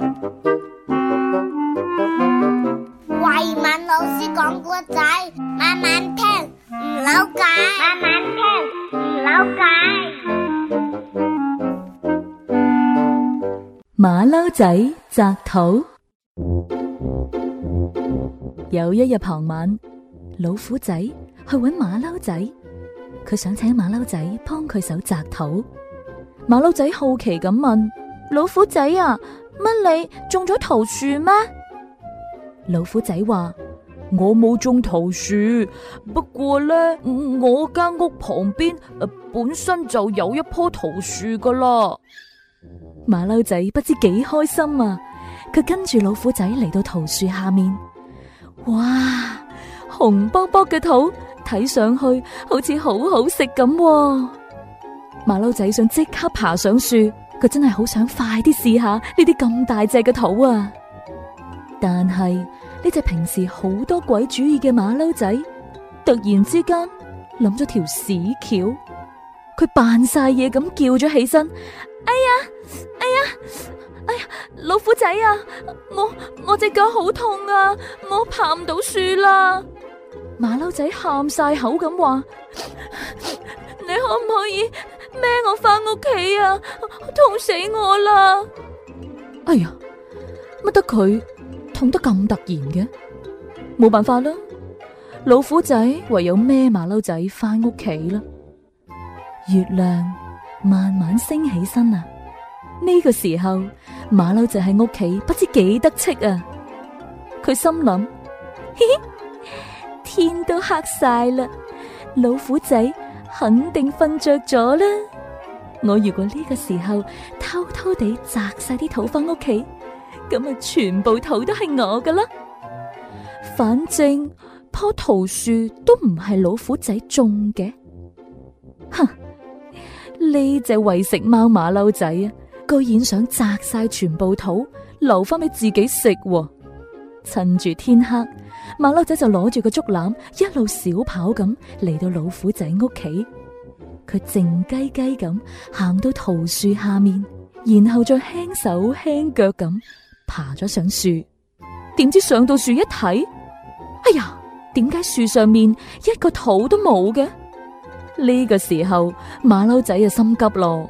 慧敏老師講古仔，慢慢聽，唔扭計；慢慢聽，唔扭計。馬騮仔摘桃。有一日傍晚，老虎仔去搵馬騮仔，佢想請馬騮仔幫佢手摘桃。馬騮仔好奇咁問老虎仔啊。乜你種咗桃樹咩？老虎仔話：我冇種桃樹，不過咧，我間屋旁邊、呃、本身就有一棵桃樹噶啦。馬騮仔不知幾開心啊！佢跟住老虎仔嚟到桃樹下面，哇，紅卜卜嘅桃，睇上去好似好好食咁。馬騮仔想即刻爬上樹。佢真係好想快啲試下呢啲咁大隻嘅桃啊！但係呢隻平時好多鬼主意嘅馬騮仔，突然之間諗咗條屎橋，佢扮晒嘢咁叫咗起身。哎呀，哎呀，哎呀，老虎仔啊！我我隻腳好痛啊！我爬唔到樹啦！馬騮仔喊晒口咁話： 你可唔可以？孭我翻屋企啊！痛死我啦！哎呀，乜得佢痛得咁突然嘅？冇辦法啦，老虎仔唯有孭馬騮仔翻屋企啦。月亮慢慢升起身啦，啊。呢、呢個時候，馬騮仔喺屋企不知幾得戚啊！佢心諗： 天都黑晒啦。老虎仔肯定瞓着咗啦！我如果呢個時候偷偷地摘晒啲桃翻屋企，咁啊全部桃都係我噶啦！反正棵桃樹都唔係老虎仔種嘅，哼！呢隻為食貓馬騮仔啊，居然想摘晒全部桃留翻俾自己食，趁住天黑。馬騮仔就攞住個竹籃，一路小跑咁嚟到老虎仔屋企。佢靜雞雞咁行到桃樹下面，然後再輕手輕腳咁爬咗上樹。點知上到樹一睇，哎呀，點解樹上面一個桃都冇嘅？呢個時候，馬騮仔啊心急咯。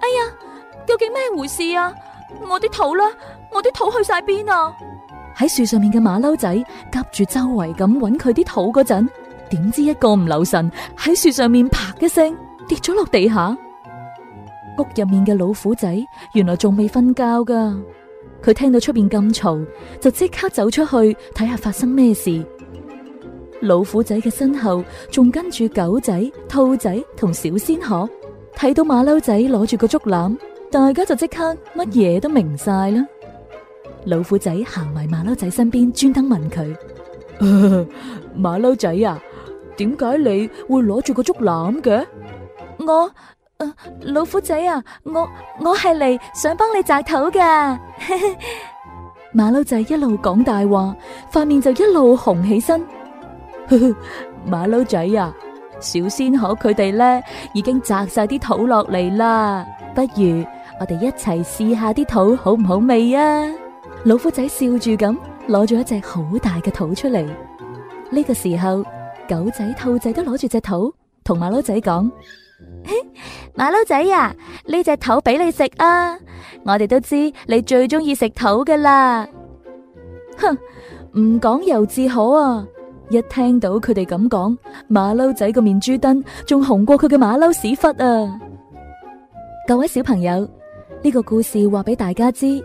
哎呀，究竟咩回事啊？我啲桃呢，我啲桃去晒邊啊？喺樹上面嘅馬騮仔，夾住周圍咁揾佢啲肚嗰陣，點知一個唔留神喺樹上面啪一聲，跌咗落地下。屋入面嘅老虎仔原來仲未瞓覺㗎，佢聽到出邊咁嘈，就即刻走出去睇下發生咩事。老虎仔嘅身後仲跟住狗仔、兔仔同小仙鶴，睇到馬騮仔攞住個竹籃，大家就即刻乜嘢都明晒啦。老虎仔行埋馬騮仔身邊，專登問佢：馬騮仔啊，點解你會攞住個竹籃嘅？我，老虎仔啊，我我係嚟想幫你摘桃㗎。馬騮仔一路講大話，塊面就一路紅起身。馬騮仔啊，小仙鶴佢哋咧已經摘晒啲桃落嚟啦，不如我哋一齊試下啲桃好唔好味啊！老虎仔笑住咁，攞住一隻好大嘅桃出嚟。呢、這個時候，狗仔、兔仔都攞住隻桃同馬騮仔講：馬騮仔呀、啊，呢隻桃俾你食啊！我哋都知你最中意食桃噶啦。哼，唔講猶自可啊！一聽到佢哋咁講，馬騮仔個面珠墩仲紅過佢嘅馬騮屎忽啊！各位小朋友，呢、這個故事話俾大家知。